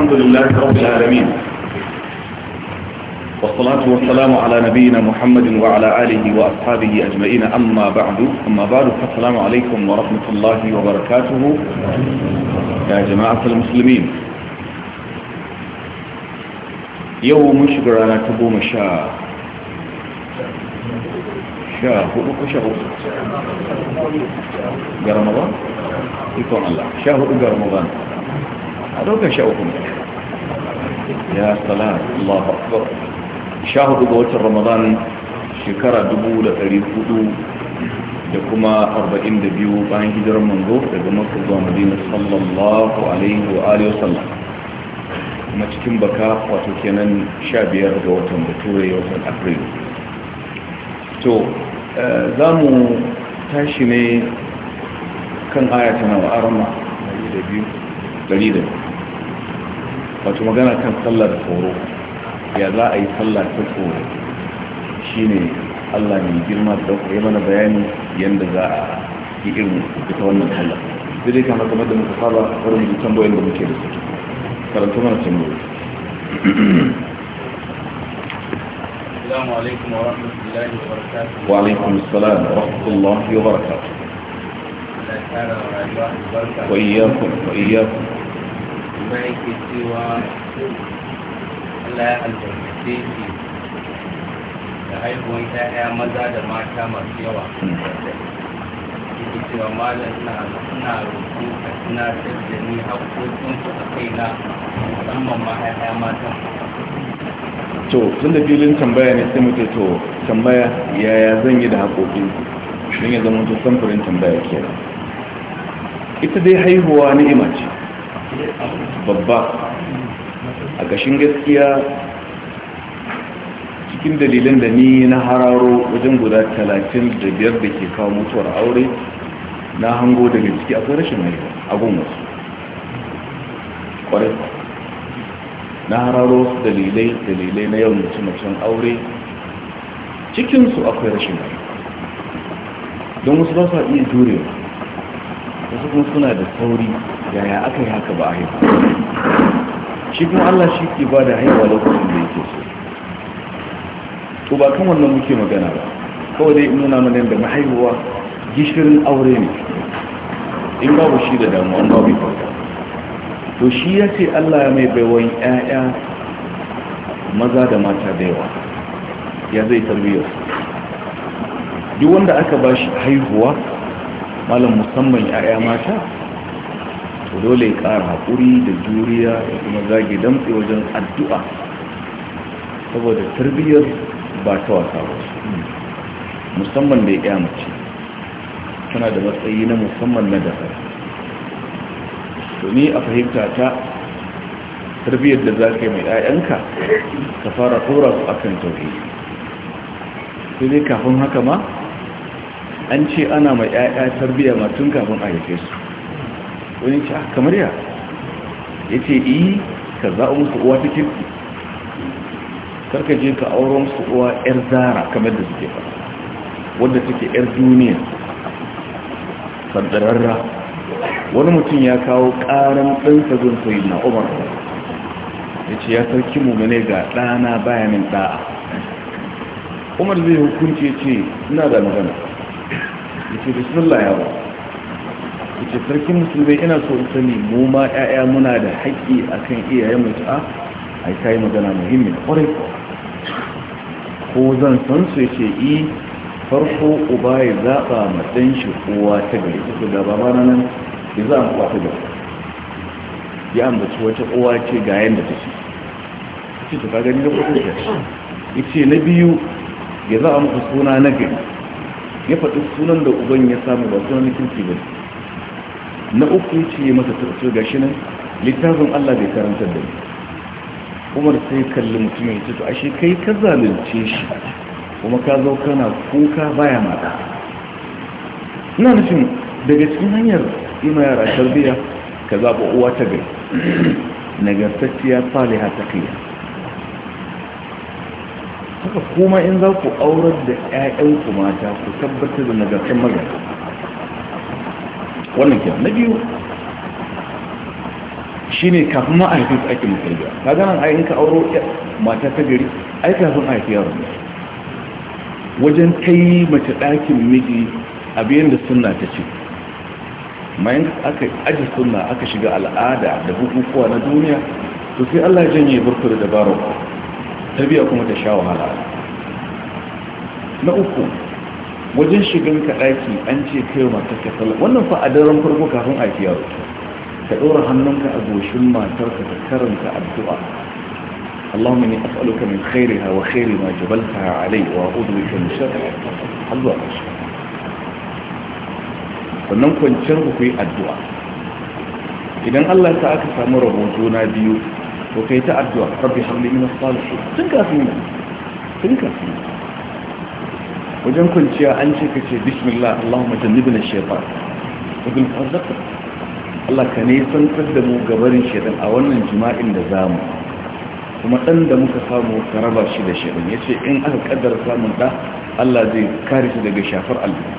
الحمد لله رب العالمين والصلاة والسلام على نبينا محمد وعلى آله وأصحابه أجمعين أما بعد أما بعد فالسلام عليكم ورحمة الله وبركاته يا جماعة المسلمين يوم شكرانا تبوم شاء شاء هدوك شاء هدوك رمضان يكون الله شاء هدوك رمضان a ɗaukar sha uku ya salam Allah akbar sha hudu ga watan ramadan shekara dubu da ɗari hudu da kuma arba'in da biyu bayan hijirar manzo daga makka zuwa madina sallallahu alaihi wa alihi wasallam kuma cikin baka wato kenan sha biyar ga watan bature watan afrilu to eh, za mu tashi ne kan aya ta nawa arama 100 wato magana kan sallar tsoro ya za a yi sallar ta tsoro ne Allah mai girma da dauka ya mana bayani yadda za a yi irin ita wannan sallar zai dai kama kamar da muka saba wurin da tambayoyin da muke da su karanta mana tambayoyi السلام عليكم ورحمة الله وبركاته وعليكم السلام ورحمة الله وبركاته وإياكم وإياكم tambaya yake cewa Allah ya albarkace shi da haihuwar ‘ya'ya maza da mata masu yawa yake cewa malam na suna roƙo a tunatar da ni haƙoƙinsu a na, musamman ma ‘ya'ya mata to tun da filin tambaya ne sai mutu to tambaya yaya zan yi da haƙoƙi don ya zama to samfurin tambaya kenan ita dai haihuwa ni'ima ce babba a gashin gaskiya cikin dalilin da ni na hararo wajen guda talatin da biyar da ke kawo mutuwar aure na hango daga ciki akwai rashin mai a wasu kwarai na hararo wasu dalilai dalilai na yau mace macen aure cikinsu akwai rashin mai don wasu ba sa iya jurewa wasu kuma suna da sauri yaya aka yi haka ba a haifa shi kuma allah shi ke ba da lokacin da yake so to ba kan wannan muke magana ba kawai dai nuna mana da mahaihuwa gishirin aure ne in babu shi da damu an babu ba. to shi ya ce allah mai baiwan 'ya'ya maza da mata da yawa ya zai tarbiyyar duk wanda aka ba shi haihuwa malam musamman ya'ya mata to dole ya ƙara haƙuri da juriya da kuma zage damtse wajen addu'a saboda tarbiyyar ba ta wasa ba musamman da ya mace tana da matsayi na musamman na daga domin a fahimta ta tarbiyyar da za ka mai ɗayanka ka fara tura su akan tauri sai dai kafin haka ma an ce ana mai ya'ya tarbiyya ma tun kafin a haife su wani ce ah kamar ya ce yi eh, ka za'a musu uwa ta kirki karka je ka auro musu uwa yar zara kamar da suke fara wadda take yar duniya sandararra wani mutum ya kawo karan ɗansa gun sai na umar ya ce ya sarki mummune ga ɗana bayanin ɗa'a umar zai hukunci ce ina da magana yace bismillah ya ba yace sarkin musulmai ina so in sani mu ma ƴaƴa muna da haƙƙi akan iyaye mu ta ah, ai kai magana muhimmi kwarai ko zan san su yace i eh, farko uba ya zaba ma dan shi kowa ta gari ko da baba na nan ya za mu kwata da ya ambaci wata kowa ce ga yanda take ce ta ni da kwatanci ya ce na biyu ya za a muku suna na gari ya faɗi sunan da uban ya samu ba sunan kirki ba na uku ce ya masa tarso gashi nan littafin Allah bai karanta da ni umar sai kalli mutum ya ce to ashe kai ka zalunce shi kuma ka zo kana kuka baya mata ina nufin daga cikin hanyar ima yara tarbiyya ka zaɓa uwa ta gari nagartacciya faliha ta haka kuma in za ku aurar da 'ya'yanku mata ku tabbatar da nagartar magana wannan ke na biyu shi ne kafin ma a haifi su ake musulmi ka ganin ayin ka auro mata ta gari ai kafin a yaron yaron wajen ta yi mace ɗakin miji a biyan da suna ta ce mayan aka aji suna aka shiga al'ada da bukukuwa na duniya to sai allah janye burkuri da dabarar tarbiya kuma ta sha wahala na uku wajen shigan ka ɗaki an ce kai matar ka sallah wannan fa a daren farko kafin a fiya ka ɗora hannunka a goshin matarka ka karanta addu'a اللهم إني أسألك من خيرها وخير ما جبلتها علي بك من شرها yi addu'a idan Allah ta aka samu rahoto na biyu to kai ta addu'a rabbi hamli min salihin tun kafin nan tun kafin wajen kwanciya an ce kace bismillah allahumma jannibna shaytan Wajen bil Allah ka ne san da mu gabarin shaytan a wannan jima'in da zamu kuma dan da muka samu ka raba shi da shaytan yace in aka kaddara samun da Allah zai kare shi daga shafar aljanna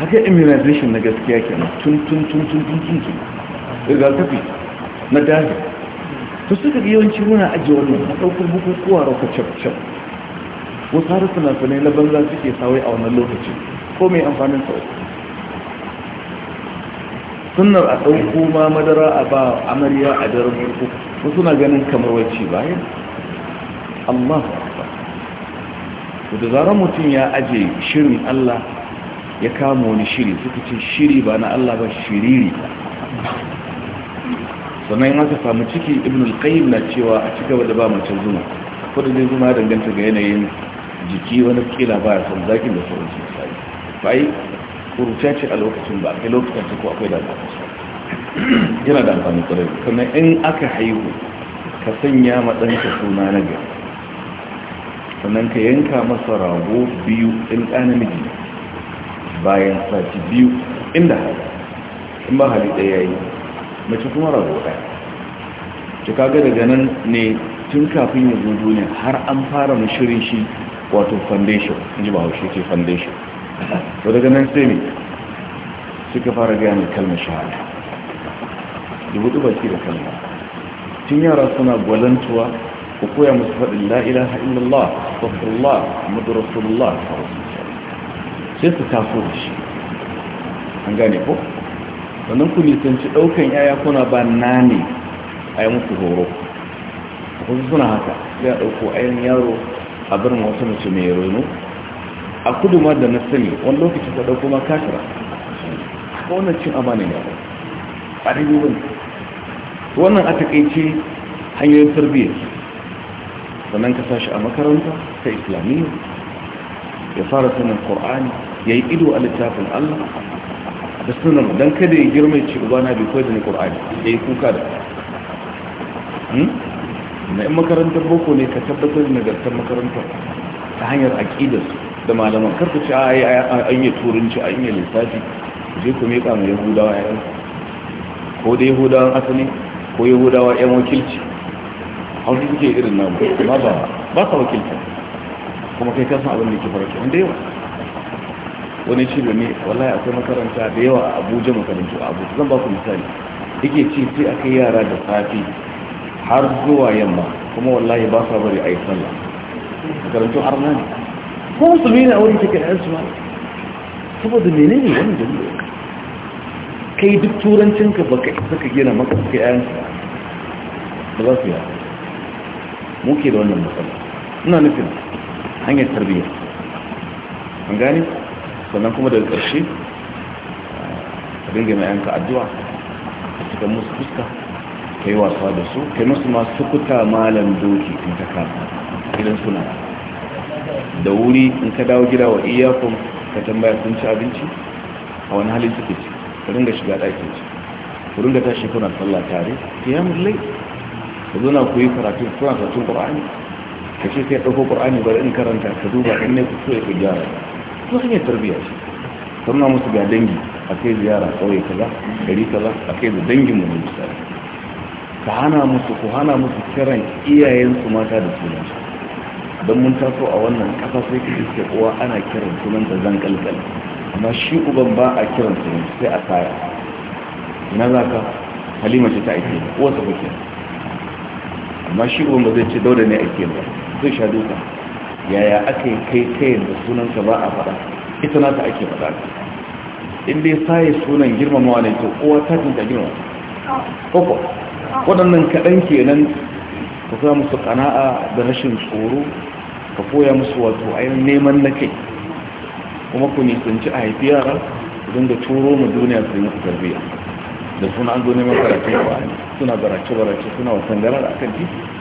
haka immunization na gaskiya kenan tun tun tun tun tun tun tun na tun to suka ga yawanci muna ajiye wannan a ɗaukar bukukuwa rauka cakcak wasu har suna-sunai na banza suke sawai a wannan lokaci, ko mai amfanin sau sunar a ɗauko ma madara a ba amarya a daren farko wasu na ganin kamar wacce bayan allah da zarar mutum ya aje shirin allah ya kama wani shiri suka ce shiri ba na allah ba shiriri sannan yin aka samu ciki ibn al-qayyim na cewa a ci gaba da ba mace zuma ko da zuma danganta ga yanayin jiki wani kila ba ya san zakin da sauran su sai bai kurciya ce a lokacin ba a lokacin ta ko akwai da ba yana da amfani kwarai sannan in aka haihu ka sanya matsanka suna na gari sannan ka yanka masa rago biyu in ɗa namiji bayan sati biyu inda hali in ba hali ɗaya yi mace kuma rago ɗaya to kaga daga nan ne tun kafin ya zo duniya har an fara mashirin shi wato foundation ji ba haushe ce foundation to daga nan sai ne suka fara gaya mai kalmar shahada da hudu baki da kalma tun yara suna gwalantuwa ku koya musu faɗin la'ilaha illallah safirullah mudu rasulullah sai su taso da shi an gane ko sannan ku nisanci ɗaukan yaya kuna ba na ne a yi musu horo a kusa suna haka ya ɗauko yin yaro a birnin wasu mace mai reno a kudu ma da na sani wani lokaci ta ɗauko ma kashira ko wannan cin amanin yaro a daidai wani wannan a taƙaice hanyoyin tarbiyyar sannan ka sashi a makaranta ta islamiyya ya fara sanin ƙor'ani ya yi ido a littafin allah da sunan don kada ya girma ya ce ubana bai koyar da ni ƙur'ani da ya kuka da hmm? na yan makarantar boko ne ka tabbatar da nagartar makarantar ta hanyar aƙidarsu da malaman karka ce a yi turanci a yi lissafi je ku meƙa mai yahudawa yaran ko da yahudawan asali ko yahudawa yan wakilci a hausa suke irin namu amma ba ba sa wakilci kuma kai kasan abin da ke farauta wanda yawa wani ci da ne wallahi akwai makaranta da yawa a abuja makarantu a abuja zan ba ku misali yake ce sai aka yara da safi har zuwa yamma kuma wallahi ba sa bari a yi sallah har arna ne ko musulmi ne a wurin cikin yan ma saboda mene ne wani jami'a kai duk turancinka ba ka isa ka gina maka suka yi su ba za su yi muke da wannan matsala ina nufin hanyar tarbiyya an gane sannan kuma daga ƙarshe ka dinga mai yanka addu'a a cikin musu fuska ka yi wasa da su ka musu masu kuta malam doki in ta kasa idan suna da wuri in ka dawo gida wa iyakun ka tambaya sun ci abinci a wani halin suke ci ka dinga shiga ɗakin ci ku dinga tashi kuna sallah tare ka yi mulai ka zo na koyi karatu kuna karatun ƙur'ani ka ce sai ɗauko ƙur'ani bari in karanta ka duba in ne ku so ya ku gyara su hanyar tarbiyya shi sannan musu ga dangi a kai ziyara kawai kaza gari kaza a kai da dangin mu ne misali ka hana musu ku hana musu kiran iyayensu mata da sunan su don mun taso a wannan kasa sai ka iske uwa ana kiran sunan da zan kalkal amma shi uban ba a kiran sunan sai a kaya ina za ka halima ce ta aike uwarsa kuke amma shi uban ba zai ce daura ne aike ba zai sha duka yaya aka yi kai kayan da sunanka ba a faɗa ita na ta ake faɗa in dai saye sunan girmamawa ne to kowa ta tinta girmama koko waɗannan kaɗan kenan ka sa musu ƙana'a da rashin tsoro ka koya musu wato ainihin neman na kai kuma ku nisanci a haifi yara don da turo mu duniya su yi musu tarbiyya da suna an zo neman karatu ba suna barace barace suna wasan gara da akan titi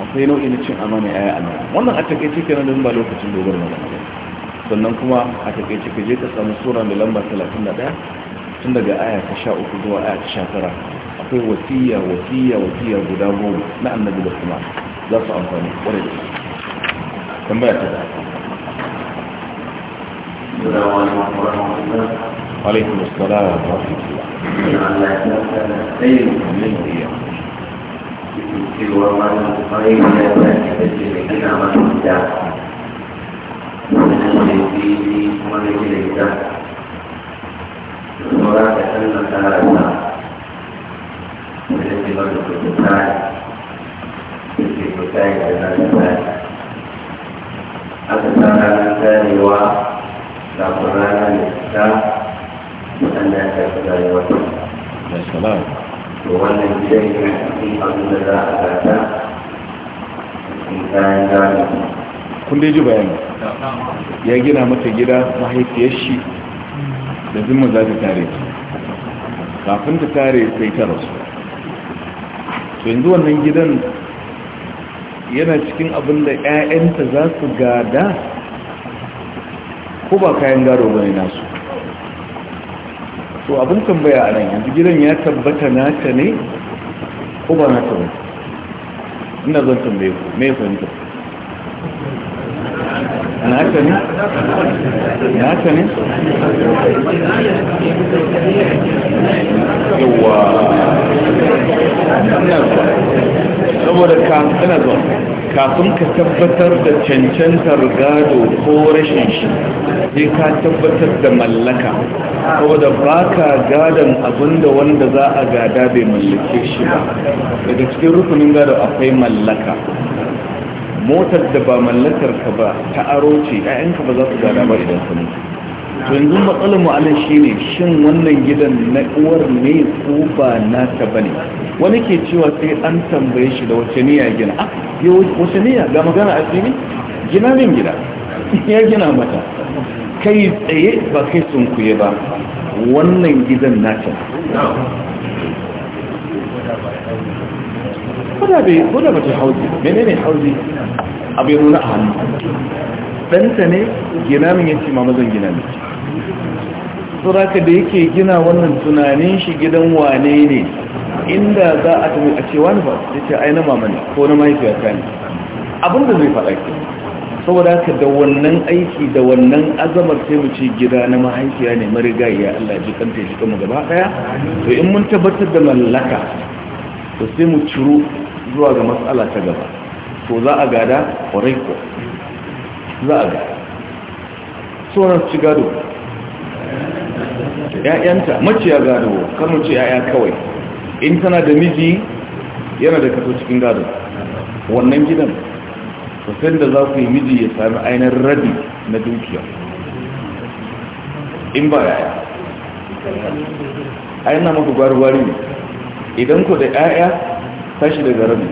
akwai nau'in na cin amana yaya yi annabi. wannan a takaice kenan da ba lokacin dogon magana ba sannan kuma a takaice ka je ka samu sura da lamba 31 tun daga aya ta sha uku zuwa aya ta sha akwai wasiya wasiya wasiya guda goma na annabi da kuma za su amfani kwarai da tambaya ta da alaikum assalam wa rahmatullah manusia orang kita kita Assalamualaikum. wannan gidan yana cikin abin da za a gata cikin kayan gado kun dai ji bayani ya gina mata gida mahaifiyar shi da zuma za ta tare kafin ta tare sai ta rasu to yanzu wannan gidan yana cikin abin da 'ya'yanta za su gada ko ba kayan gado bane nasu to abin tambaya a nan yanzu gidan ya tabbata nata ne ko ba nata ba ina zan tambaye ku me fahimta saboda ina zuwa kafin ka tabbatar da cancantar gado ko rashin shi sai ka tabbatar da mallaka saboda ba ka gadon abinda wanda za a gada bai mallake shi ba daga cikin rukunin gado akwai mallaka motar da ba mallakar ka ba ta aro ce ƴaƴanka ba za su gada ba idan sun to yanzu matsalar mu shi shine shin wannan gidan na uwar ne ko ba na ta bane wani ke cewa sai an tambaye shi da wace niyya gina A ah, yo wace niyya ga magana a cikin gina min gida ya gina mata kai tsaye ba kai sun kuye ba wannan gidan na ta kuda bai kuda bata hauzi menene hauzi abu ya nuna a hannu ɗanta ne gina min ya ce mama zan gina min suraka da yake gina wannan tunanin shi gidan wane ne inda za a tabi a ce ni ba ya ce aina na mama ne ko na mahaifi ya ne abin da zai faɗa ke saboda haka da wannan aiki da wannan azamar sai mu ce gida na mahaifiya ne marigayya Allah ji kanta shi kuma gaba daya to in mun tabbatar da mallaka to sai mu ciro zuwa ga matsala ta gaba to za a gada kwarai ko za a gada sauran ci gado ‘ya'yanta maciya gado kanu ce ‘ya'ya kawai in tana da miji yana da kaso cikin gado wannan gidan sosai da za ku yi miji ya sami ainihin rabi na dukiya in ba ‘ya'ya a yana maka gwari-gwari ne idan ku da ‘ya'ya tashi daga rabi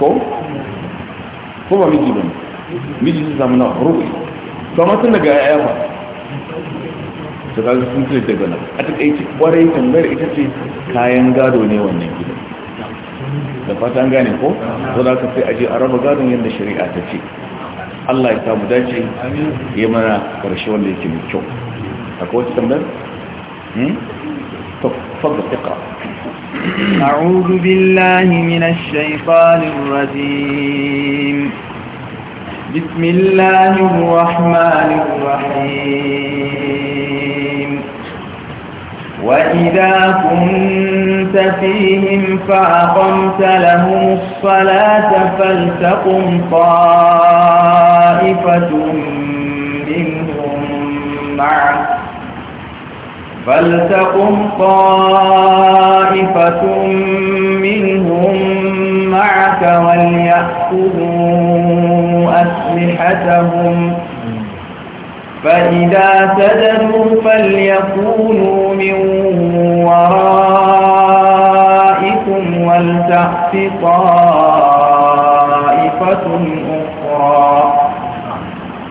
ko ko ba miji ba ne miji su samu na rufi amma tun daga yaya ba ga su sun tuli daga nan a ta ɗaice ƙwarai tambayar ita ce kayan gado ne wannan gidan da fata an gane ko ko da ka sai aje a raba gadon yadda shari'a ta ce Allah ya samu dace ya mana ƙarshe wanda yake mai kyau akwai wata tambayar? Hmm? to fagga أعوذ بالله من الشيطان الرجيم بسم الله الرحمن الرحيم وإذا كنت فيهم فأقمت لهم الصلاة فلتقم طائفة منهم معك فلتقم طائفة منهم معك وليأخذوا أسلحتهم فإذا سجدوا فليكونوا من ورائكم ولتأت طائفة أخرى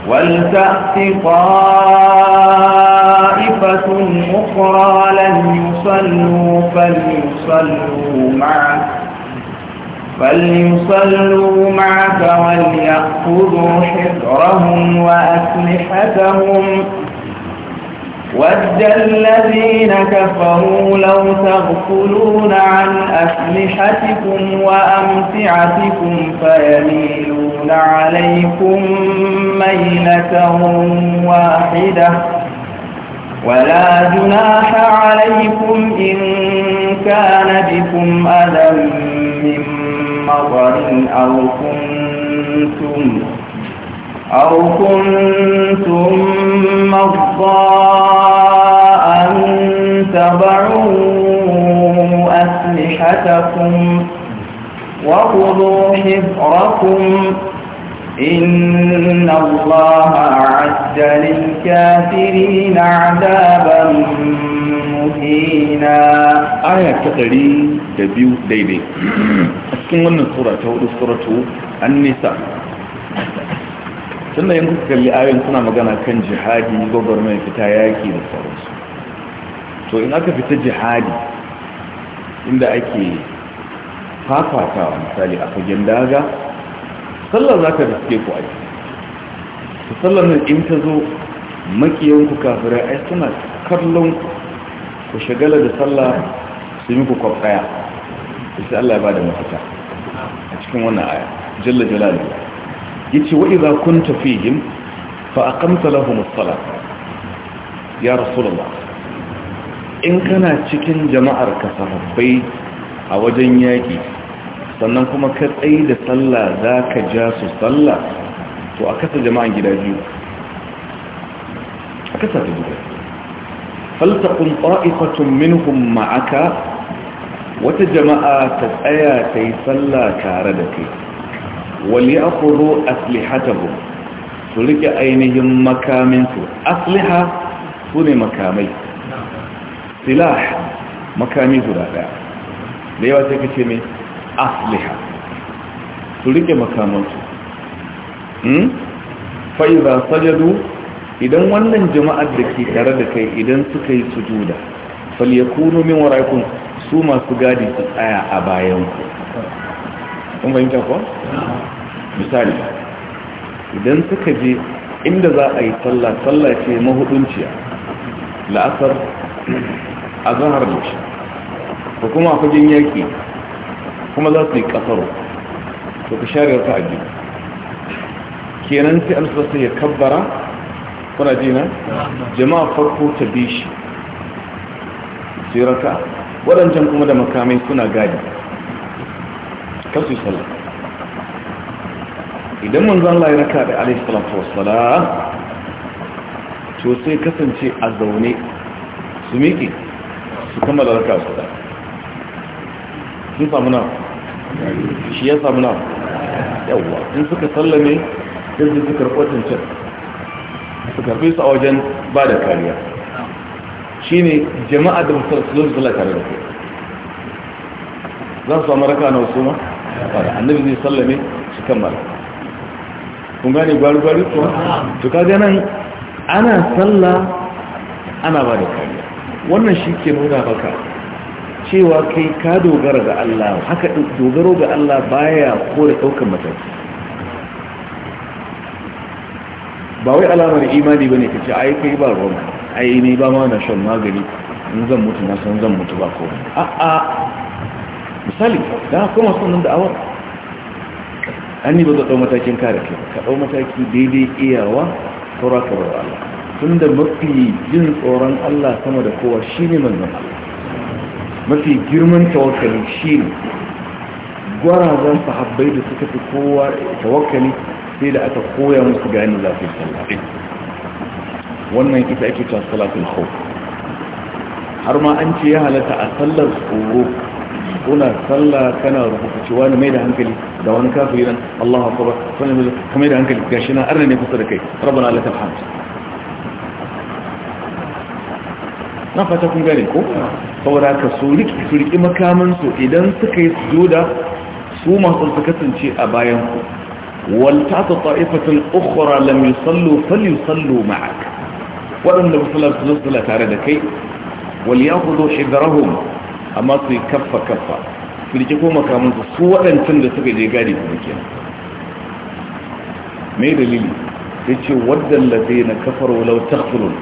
ولتأت طائفة طائفة أخرى لم يصلوا فليصلوا معك فليصلوا معك وليأخذوا حذرهم وأسلحتهم ود الذين كفروا لو تغفلون عن أسلحتكم وأمتعتكم فيميلون عليكم ميلة واحدة ولا جناح عليكم إن كان بكم أذى من مطر أو كنتم أو كنتم مرضى أن تضعوا أسلحتكم وخذوا حذركم إن الله أعد للكافرين عذابا مهينا آية تقري دبيو ديدي أسكن من سورة تقول سورة النساء sannan yanzu kalli ayoyin suna magana kan jihadi gwagwarmai fita yaki da sauransu to in aka fita jihadi inda ake fafatawa misali a fagen daga sallar za ka riske ku aiki. su sallar nan in ta zo makiyanku kafirai ai suna kallon ku shagala da sallar su yi ku kwaf ɗaya sai Allah ya ba da mafita a cikin wannan aya jalla jalali ya ce wa iza kun tafihim fa a kamta lahum sala ya rasulullah in kana cikin jama'ar ka sahabbai a wajen yaƙi sannan kuma ka tsaye da sallah za ka ja su sallah to a kasa jama'an gida biyu a kasa ta guda faltakun ƙwa'ifatun minhum ma'aka wata jama'a ta tsaya ta yi sallah tare da kai wali a kuro aslihatahu su rike ainihin makaminsu asliha su ne makamai silah makami guda ɗaya da yawa sai ka ce mai asliha su rike makamansu hmm? fa'iza sajadu idan wannan jama'ar da ke tare da kai idan suka yi sujuda falyakunu min waraikun su masu gadi su tsaya a bayan ku kun fahimta ko misali idan suka je inda za a yi sallah sallah ce mahudunciya la'asar a zahar da shi ko kuma a fagen yaki kuma za su yi kasaro to ku share ta a biyu kenan sai alisa sai ya kabbara kuna jina jama'a farko ta bishi. shi sai raka waɗancan kuma da makamai suna gadi kasu sallah idan manzan Allah ya raka da alaihi salatu to sai kasance a zaune su miƙe su kammala raka su da sun samu na shi ya samu na yawwa in suka sallame sai su karɓar cancan su karɓe su a wajen ba da kariya shi ne jama'a da musulun su zula tare da ku za su samu raka na wasu ma annabi zai sallame su kan mara kun gane gwari-gwari kuma to ka gana ana sallah ana ba da kariya wannan shi ke nuna baka cewa kai ka dogara ga Allah haka dogaro ga Allah baya kore ɗaukar mataki ba wai alamar imani bane ka ce ai kai ba ruwan ai ni ba ma na shan magani in zan mutu na san zan mutu ba ko a a misali da kuma sunan da awar an ni ba zai ɗau matakin kare kai ka ɗau mataki daidai iyawa saura ka bar Allah tunda mafi jin tsoron Allah sama da kowa shine manzon Allah mafi girman tawakkali shine gwarazan sahabbai da suka fi kowa tawakali sai da aka koya musu gani zafi sallah wannan ita ake cewa salatul khawf har ma an ce ya halatta a sallar tsoro kuna sallah kana rubuta cewa ne mai da hankali da wani kafiri nan Allahu akbar sanin kamar da hankali gashi na arne ne kusa da kai rabbana lakal hamd na fata kun gane ko saboda ka su riƙi makamansu idan suka yi sujuda su masu su kasance a bayan ku walta ta ta'ifatin ukhra lam yusallu falyusallu ma'ak waɗanda ba sallar su zo tare da kai wal yakhudhu hidrahum amma su kaffa kaffa su riƙi ko makamansu su wadancan da suka je gadi kuma kenan Mai dalili yace waddal ladina kafaru law taghfulun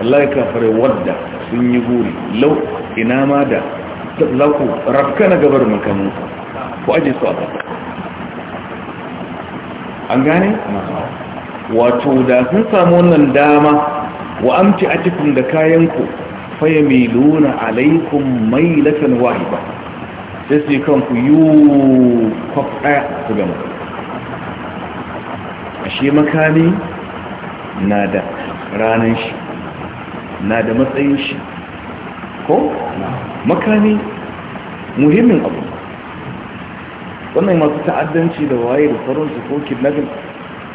Allah ya kafare wadda sun yi guri lau ina ma da lauku rafka na gabar makamu ku aje su a an gane? wato da sun samu wannan dama wa amci a cikin da kayanku faya mai luna alaikun mai wahi ba sai su yi kanku yi kwaf ɗaya su gama ashe makami na da ranar shi na da matsayin shi ko makami muhimmin abu wannan masu ta'addanci da waye da sauran su ko kidnapping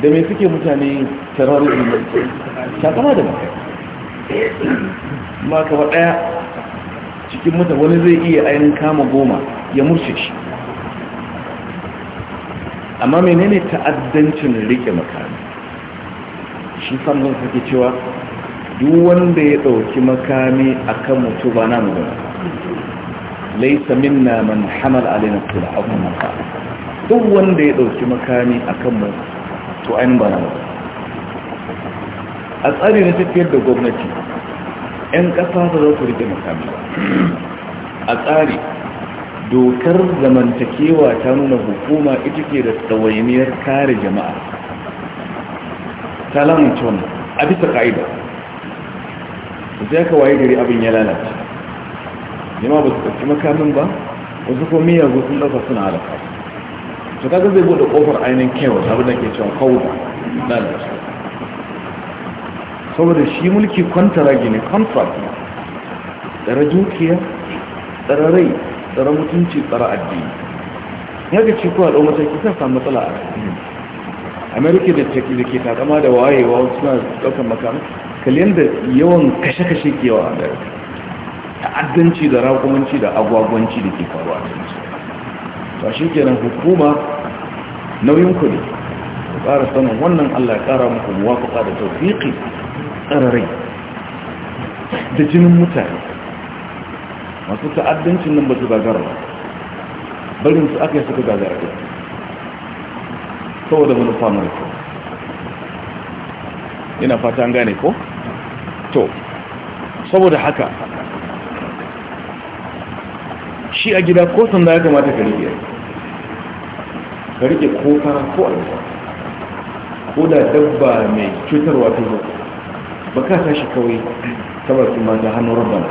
da mai suke mutane terrorism ne shakama da makami ma ba daya cikin mata wani zai iya ainihin kama goma ya murshe shi amma menene ta'addancin rike makami shi samun sake cewa duk wanda ya ɗauki makami a kan mutu ba namu ba laisa minna man hamal alaina kula abu maka duk wanda ya ɗauki makami a kan mu to ainihin ba namu a tsari na tafiyar da gwamnati 'yan ƙasa ba za ku riƙe makami a tsari dokar zamantakewa ta nuna hukuma ita ke da tsawainiyar kare jama'a ta lamunci a bisa ƙa'idar sai ka waye gari abin ya lalace jama'a ba su ɗauki makamin ba wasu ko zo sun ɗauka suna halaka to kaga zai buɗe ƙofar ainihin kewa abin da ke cewa da shi. saboda shi mulki kwantara gini ne tsara dukiya tsara rai tsara mutunci tsara addini ya ga cikin kwaɗo mataki kan samu matsala a amerika da ke takama da wayewa suna ɗaukar makamai kalin da yawan kashe-kashe kewa a daga ta'addanci da rakumanci da agwagwanci da ke faruwa a cikin su ba shi kenan hukuma nauyin kudi da ƙara sanin wannan allah ya ƙara muku muwafaƙa da taufiƙi tsararai da jinin mutane masu ta'addancin nan ba su gagara ba barin su aka yi suka gagara ba saboda manufa mai kyau yana fata an gane ko? to saboda haka shi a gida ko sanda ya kamata ka rike ka rike ko kara ko alfa ko da dabba mai cutarwa ta zo ba ka tashi kawai saboda ma ta hannun rabban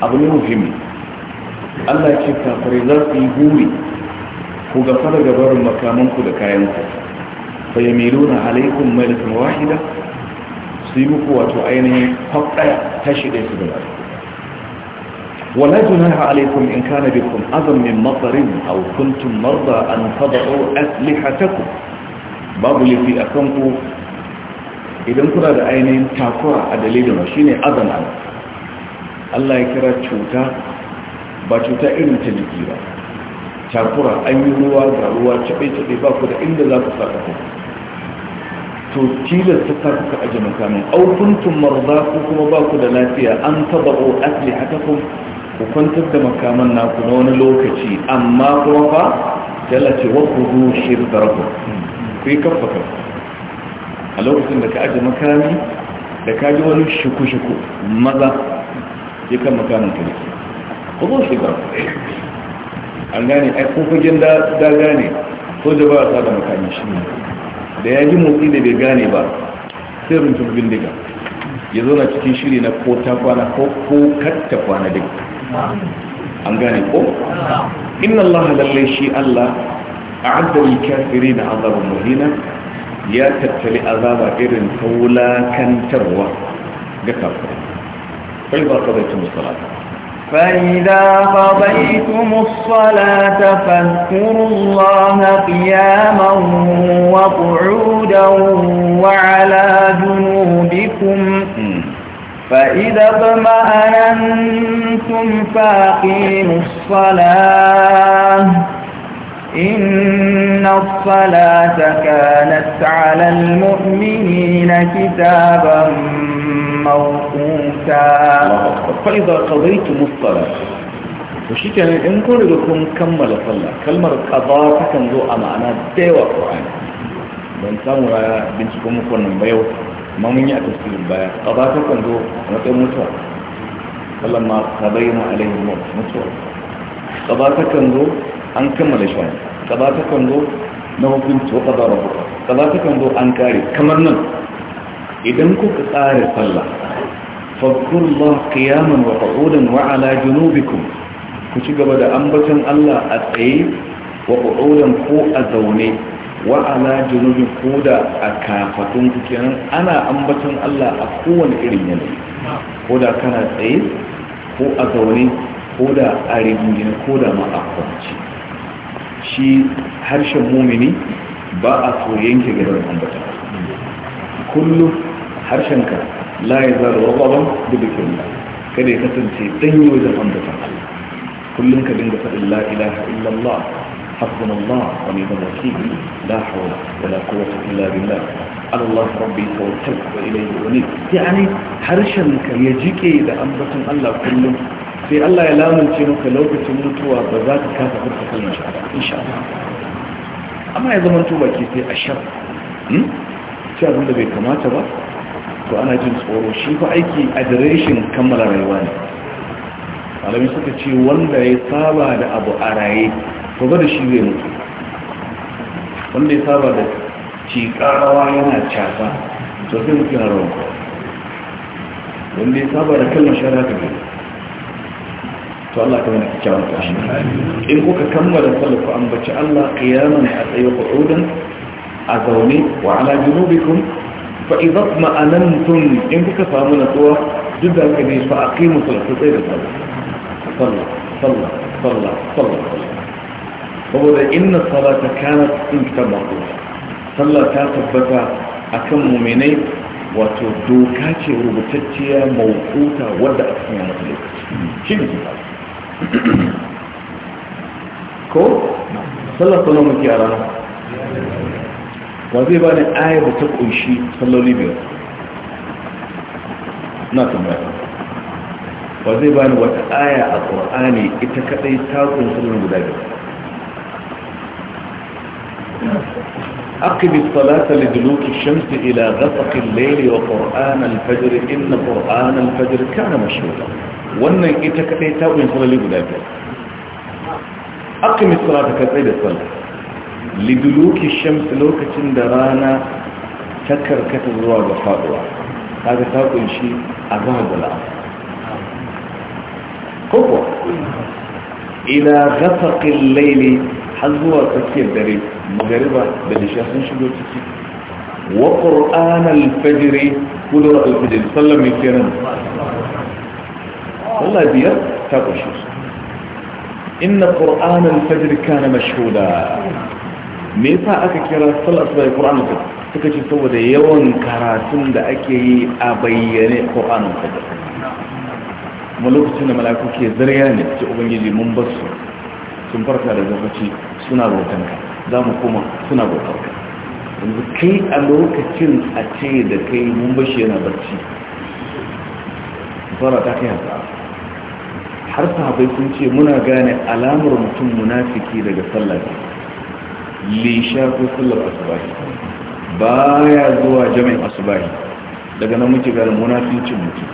abu ne muhimmi allah ce kafirai za su yi buri ku gafara gabarin makamanku da kayanku fayyamiluna na alaikun mai da wahida su yi muku wato ainihin faɗaya tashi ɗaya su gaba wala juna ha alaikum in kana bikum azumin min a aw kuntum marda an tad'u aslihatakum babu yafi akan ku idan kuna da ainihin takura a dalilin shi ne azan Allah ya kira cuta ba cuta irin ta jiki ba takura an yi ruwa ga ruwa cabe-cabe ba ku da inda za ku sa ku to tilasta ta kuka aje makamin au kuntum marda ko kuma ba ku da lafiya an tabaqu aslihatakum ku kwantar da makaman na ku na wani lokaci amma kuma fa jalla ce wa ku khudhu shirbarakum ku yi kafa a lokacin da ka aje makami da ka ji wani shuku-shuku maza ya kan makamin ka ne ku zo shirbarakum an gane ai ko fagen daga ne soja ba sa da makami shi ne da ya ji motsi da bai gane ba sai runtun bindiga ya zauna cikin shiri na ko ta kwana ko ko katta kwana duk an gane ko inna Allah lallai shi Allah a'adda lil kafirin azabun muhina ya tattali azaba irin taulakantarwa ga ba ka idza qadaytum salata فإذا قضيتم الصلاة فاذكروا الله قياما وقعودا وعلى جنوبكم فإذا اطمأننتم فاقيموا الصلاة إن الصلاة كانت على المؤمنين كتابا موقوتا فإذا قضيتم الصلاة وشيك يعني أن إنكم لكم كمل صلاة كلمة قضاء تكنزو أمعنا ديوة قرآن بان سامورا بنتكم مكونا بيو ما من يأتسل البيع قضاء تكنزو نتو متوى فلما قضينا عليه الموت متوى قضاء تكنزو an kammala shi wani kaza ta kan na hukunci wata zara ku kaza ta kan an kare kamar nan idan kuka tsare sallah fadkur Allah qiyaman wa qu'udan wa ala junubikum ku ci gaba da ambaton Allah a tsaye wa qu'udan ko a zaune wa ala junubi ko da a kafatun ku kenan ana ambaton Allah a kowane irin yanayi ko da kana tsaye ko a zaune ko da a rigingine ko da ma a kwanci shi harshen mumini ba a soyayyen ke gidan ambata kullum harshenka la ya zara rababan da bikin kada ya kasance danyi wajen ambata kullum ka dinga faɗin la ilaha illallah حسبنا الله ونعم الوكيل لا حول ولا allah إلا بالله على الله ربي توكلت وإليه أنيب يعني حرشا يجيك da أنبت Allah kullum. sai Allah ya lamunce maka lokacin mutuwa ba za ka kasa furta kalmar insha Allah amma ya zama tuba ke sai a shar ce hmm? abin da bai kamata ba to ana jin tsoro shi fa aiki adireshin kammala rayuwa ne malamai suka ce wanda ya saba da abu a raye to ba da shi zai mutu wanda ya saba da cikarawa yana casa to sai mutu yana rawan wanda ya saba da kalmar shara ka gani to Allah ka mana kyakkyawan ƙarshe in kuka kammala sallar ku ambaci Allah qiyaman a tsaye qu'udan a zaune wa ala junubikum fa idza ma'anantum in kuka samu natsuwa duk da kake fa aqimu sallah ku tsaye da sallah sallah sallah sallah sallah saboda inna salata kanat in kitab maqula sallah ta tabbata akan mu'minai wato doka ce rubutacciya mawkuta wadda a sanya mata lokaci shi ne ko sallar sallar muke a rana wa zai ba ni ayar da ta kunshi salloli biyar na tambaya wa zai ba ni wata aya a ƙor'ani ita kaɗai ta kunshi sallon guda biyar أقم الصلاة لدلوك الشمس إلى غسق الليل وقرآن الفجر إن قرآن الفجر كان مشهودا wannan ita kadai ta ƙunshi salali guda biyar akamis salata ka tsaye da sallah liduluki shams lokacin da rana ta karkata zuwa ga faduwa kaga ta kunshi a zagula koko ila ghasaqil al-layl hazwa tsakiyar dare magriba da isha sun shigo ciki wa qur'an al-fajr kullu al-fajr sallam kenan sallah biyar ta ƙunshi su inna ƙur'an alfajir kana mashhuda me yasa aka kira sallar asuba ƙur'an alfajir suka ce saboda yawan karatun da ake yi a bayyane ƙur'an alfajir kuma lokacin da mala'iku ke zarga ne ce ubangiji mun bar su sun farka da zafaci suna bautan ka za mu koma suna bautan ka yanzu kai a lokacin a ce da kai mun bashi yana barci fara ta kai hasa har sahabai sun ce muna gane alamar mutum munafiki daga sallar lisha ko sallar asubahi baya zuwa jami'in asubahi daga nan muke gane munafikin mutum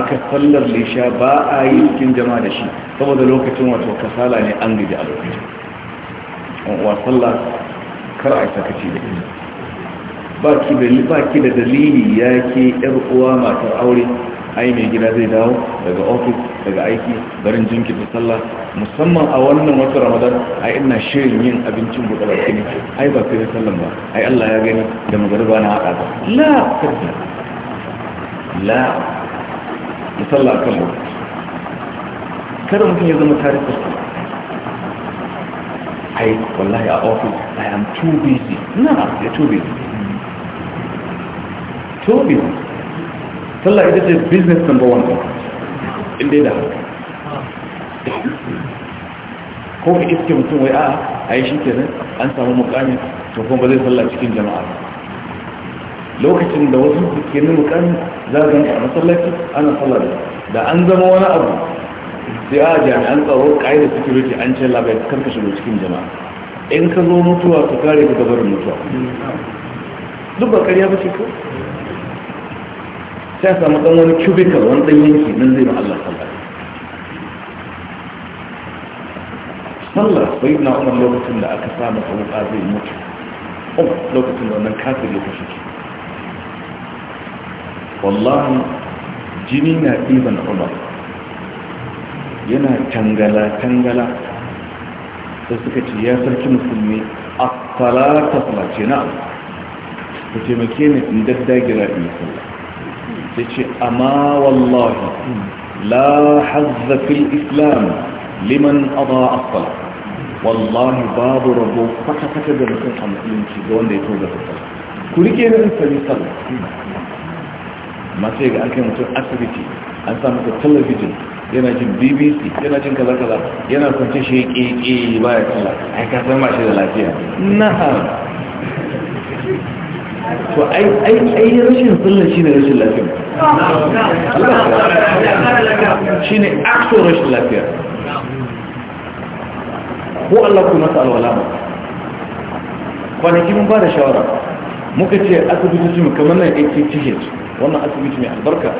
aka sallar lisha ba a yi cikin jama'a da shi saboda lokacin wato kasala ne an gaji a lokacin wa sallah kar a sakaci da ba ki da dalili ya ke yar uwa matar aure ai mai gida zai dawo daga ofis daga aiki barin jinkirta sallah musamman a wannan wata ramadan ai ina shirin yin abincin buɗe baki ne ai ba sai sallan ba ai Allah ya gani da magariba na haɗa ba la kadda la musalla kan mu kada mutum ya zama tare da ai wallahi a ofis i am too busy na ya too busy too busy sallah ita ce business number one inda ya da ko ka iske mutum wai a a yi shi nan an samu mukamin to ba zai sallah cikin jama'a lokacin da wasu suke ne mukamin za a gani a matsalaki ana sallah da an zama wani abu sai a jami'an tsaro ƙa'idar security an ce labai karka shigo cikin jama'a in ka zo mutuwa ka kare ka gabarin mutuwa duk ba kariya ba ce ko sai samu ɗan wani cubicle wani ɗan yanki nan zai ma Allah sallah sallah yi na umar lokacin da aka samu abu zai mutu umar lokacin da wannan kafin lokacin kashe wallahi jini na ɗiban umar yana tangala-tangala sai suka ce ya sarki musulmi a salata salace na abu ku taimake ni in daddagira in sallah sai ce amma wallahi la hazza fil islam liman adaa as-sala wallahi babu rabo kwata kwata da mutum a musulunci ga wanda ya toga sallah ku rike da sani sallah amma sai ga an kai mutum asibiti an samu masa talabijin yana jin bbc yana jin kaza kaza yana kwance shi ya ƙeƙe baya sallah ai ka san ma da lafiya na'am to ai ai ai rashin sallah shine rashin lafiya shi shine akso rashin lafiya ko Allah ku masa alwalama. kwanaki mun ba da shawara muka ce asibitoci kamar nan ake cikin wannan asibiti mai albarka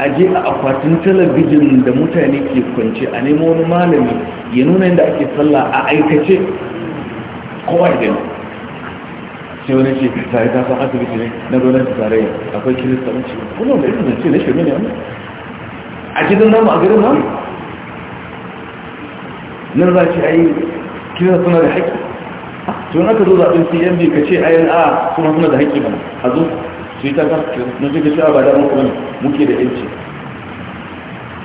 a je a akwatin talabijin da mutane ke kwance a nemo wani malami ya nuna yadda ake sallah a aikace kowa da gani sai wani ce tare ta san asibiti ne na gonar tarayya akwai kirista mace kuma da irin ce na shirme ne amma a gidan namu a garin namu nan za ce ai kirista suna da haƙƙi to in ka zo zaɓen cmb ka ce ayan a kuma suna da haƙƙi mana a zo su yi ta kan na ce ka ce a ba damar kuma muke da yanci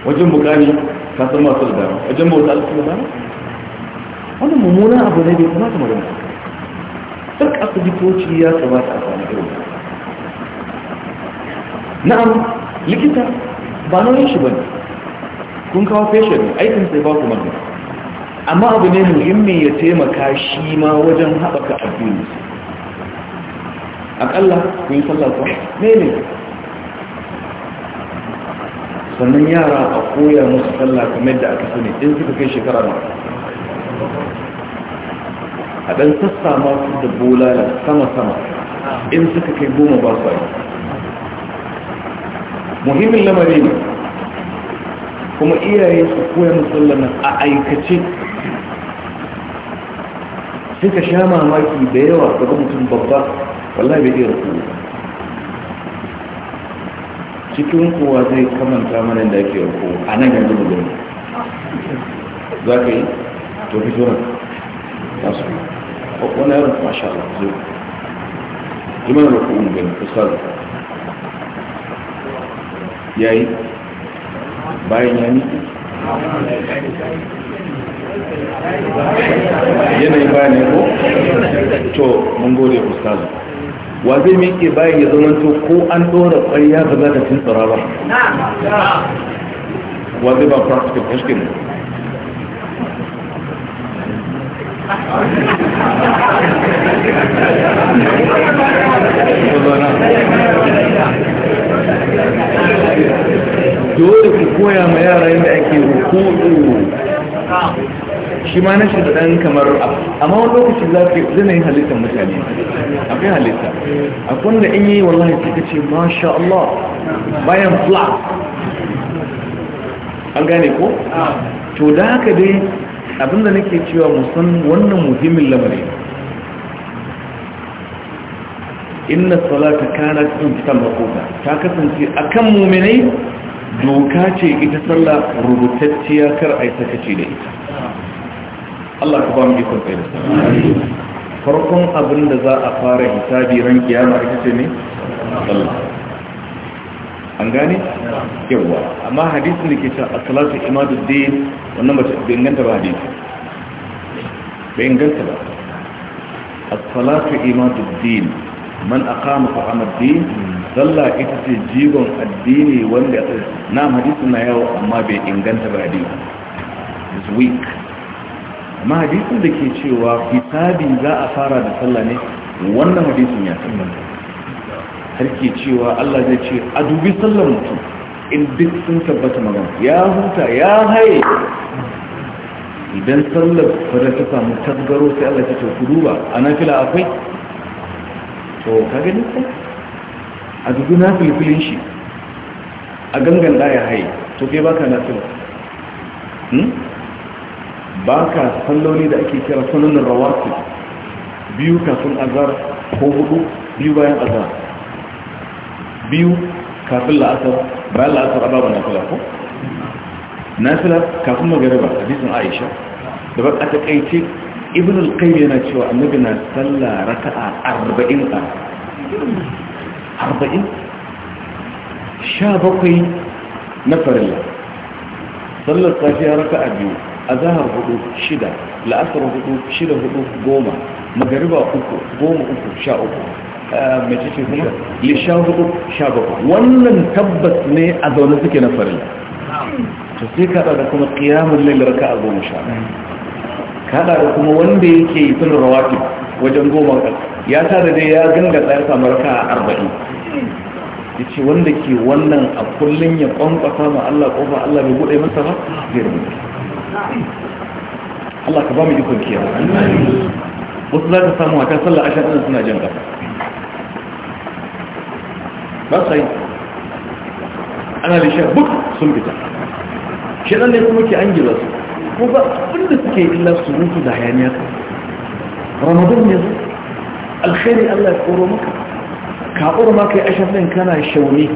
wajen bukani ka san masu da dama wajen bauta alfi da dama wannan mummunan abu ne bai kamata magana duk asibitoci ya kamata a samu irin na'am likita ba nauyin shi ba ne, kun kawo patient aikin sai ba ku magana amma abu ne muhimmi ya taimaka shi ma wajen haɓaka addini akalla ku yi sallah ko ne ne sannan yara a koya musu sallah kamar da aka sani in suka kai shekara na a ɗan sassama su da bulala sama-sama in suka kai goma ba su aiki muhimmin lamari ne kuma iyaye su koya musulman a aikace suka sha mamaki da yawa daga mutum babba wallahi bai iya rukuni cikin kowa zai kamanta mana da ake rukuni a nan yanzu da gani za ka yi to fi zuwa nasu وانا يرى ما شاء الله زي لماذا نقوم بالتصرف yayi bayan ya miki yanayi bayan ya ko to mun gode ustazu wa zai miƙe bayan ya zama to ko an ɗora ƙwarya ba za ta cin tsara ba wa zai ba practical question dole ku koya ma yara yadda ake hukuku shi ma na shi da ɗan kamar amma wani lokaci za ka zanayin halittar mutane akwai halitta akwai da in yi wallahi suka ce masha Allah bayan flat an gane ko to da haka dai abinda nake cewa musan wannan muhimmin lamari inna salata kana tuntan makuta ta kasance A kan mu'minai doka ce ita sallah rubutacciya kar a ai sakaci da ita Allah ka ba mu ikon kai da farkon da za a fara hisabi ran kiyama ita ce ne Allah. an gane yawwa amma hadisi da ke cewa as-salatu imaduddin wannan ba ta inganta ba hadisi bai inganta ba Asalatu, salatu Din, man aqama qamaddin sallah ita ce jigon addini wanda ya tsaye na hadisi na yawo amma bai inganta ba hadisi is weak amma hadisi da ke cewa fitabi za a fara da sallah ne wannan hadisin ya tabbata har ke cewa Allah zai ce a dubi sallar mutum in duk sun tabbata magana ya huta ya haye idan sallar fara ta samu tasgaro sai Allah ta ce ku duba a nafila akwai to ka gani ko a dubi nafilfilin shi a gangan da ya haye to kai baka nafila hmm? baka salloli da ake kira sunanin rawatib biyu kafin azar ko hudu biyu bayan azar biyu kafin la'asar bayan la'asar ababa na fila ko Nafila kafin magariba hadisin aisha da ba a takaice ibn al-qayyim yana cewa annabi na sallah raka'a 40 a 40 17 na farilla sallar safiya raka'a biyu a zahar hudu shida la'asar hudu shida hudu goma magariba uku goma uku sha uku Eh, mai kuma sha wannan tabbas ne a zaune suke na farin to sai kaɗa da kuma kiyamun lailar ka a goma sha kaɗa da kuma wanda yake yi sun rawaki wajen goma ya tare da ya ganga tsaye samar ka a arba'in ya ce wanda ke wannan a kullum ya ƙwanƙwasa ma Allah ƙofa Allah bai buɗe masa ba zai rubuta Allah ka ba mu ikon kiyawa wasu za ka samu a ta sallar ashirin suna jan ƙasa ba sa yi ana da sha buk sun fita shaɗan ne kuma ke an gila su ko ba abinda suke illa su mutu da hayaniya ramadan ne su alkhairi allah ya koro maka ka koro maka ya ashar ɗin kana shauni.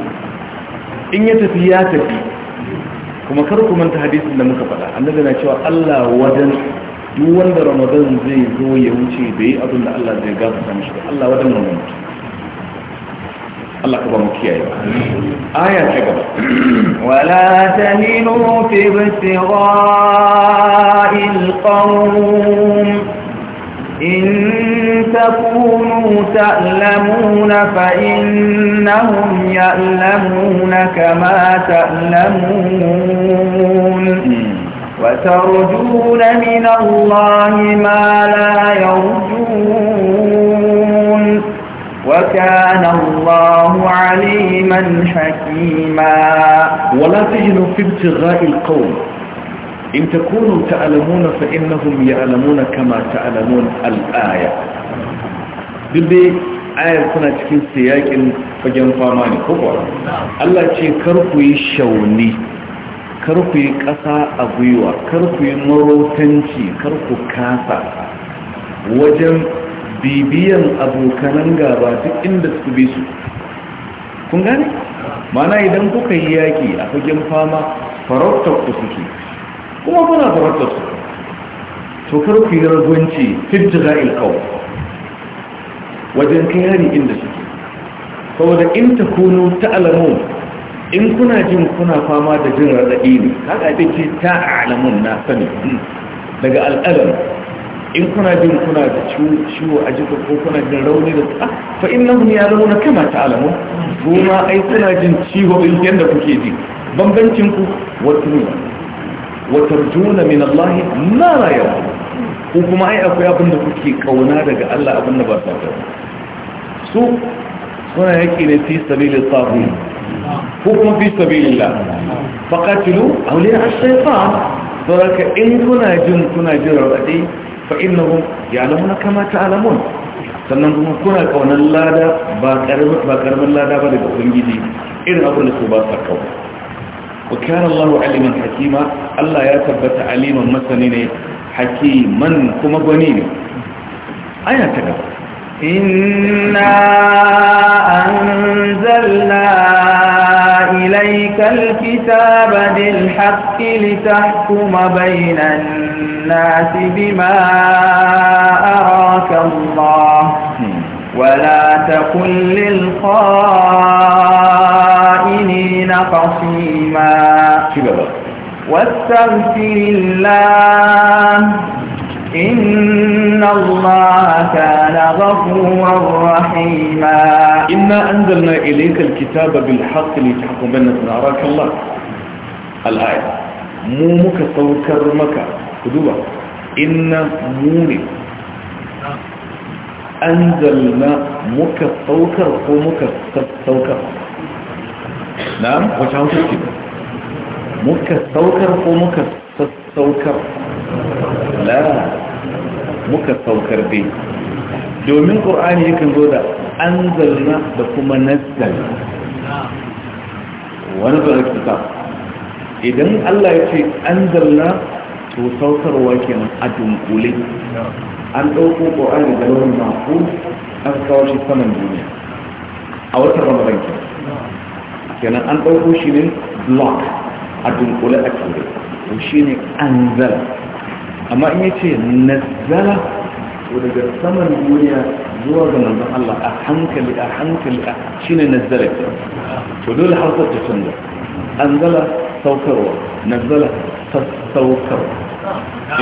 in ya tafi ya tafi kuma kar ku manta hadisin da muka faɗa annabi na cewa allah wajen duk wanda ramadan zai zo ya wuce bai abin da allah zai gafarta mishi Allah wadan ramadan الله كبر مكيا آية كبر ولا تهنوا في ابتغاء القوم إن تكونوا تألمون فإنهم يألمون كما تألمون وترجون من الله ما لا يرجون وكان الله عليما حكيما ولا تهنوا في ابتغاء القوم إن تكونوا تعلمون فإنهم يعلمون كما تعلمون الآية دبي آية سنة تكين سياك فجن فاماني كبر الله تي كركوي شوني كركوي قصا أبويوة كركوي مروتنشي كركو كاسا وجن bibiyan abokanan gaba duk inda su bi su kun gane mana idan kuka yi yaƙi a fagen fama farautar ku suke kuma kuna farautar su to kar ku yi ragwanci fitjira ilkau wajen kai inda suke saboda in ta kunu ta alamu in kuna jin kuna fama da jin raɗaɗi ne kaga ce ta alamun na sani hmm. daga al'adar. in kuna jin kuna da ciwo a jikin ko kuna jin rauni da ta ah, fa innahum ya'lamuna kama ta'lamu kuma ai kuna jin ciwo in yanda kuke ji bambancin ku watuni wa tarjuna min Allah ma la ya'lamu ko kuma ai akwai abin da kuke kauna daga Allah abin da ba ta da su suna yake ne fi sabilin tsafi ko kuma fi sabilin la faqatilu awliya ash-shaytan saboda in kuna jin kuna jin rauni فإنهم يعلمون كما تعلمون sannan kuma kuna kaunar lada ba karamin lada ba daga ubangiji irin abin da su ba sa kawo wa kyara allahu aliman hakima allah ya tabbata aliman masani ne hakiman kuma gwani ne aya ta gaba inna anzalna ilaika alkitaba bil haqqi litahkuma bainan الناس بما أراك الله ولا تكن للخائنين قصيما واستغفر الله إن الله كان غفورا رحيما إنا أنزلنا إليك الكتاب بالحق لتحكم بين أراك الله الآية مو مك سوكر كدوبة إن موني أنزلنا مكة توكر ومكة توكر نعم وشعون تشكي مكة توكر ومكة توكر لا مكة توكر بي دو من القرآن يمكن ذو ذا أنزلنا بكما نزل وانا بغيك تتعب إذا الله يقول أنزلنا to saukarwa kenan a dunkule an ɗauko ƙo'ani da launin mafu an kawo shi saman duniya a watan ramadan kenan an ɗauko shi ne block a dunkule a kure to shi ne an zala amma in yace nazzala to daga saman duniya zuwa ga manzon Allah a hankali a hankali a shine nazzala to dole har ta canza anzala saukarwa nazala saukarwa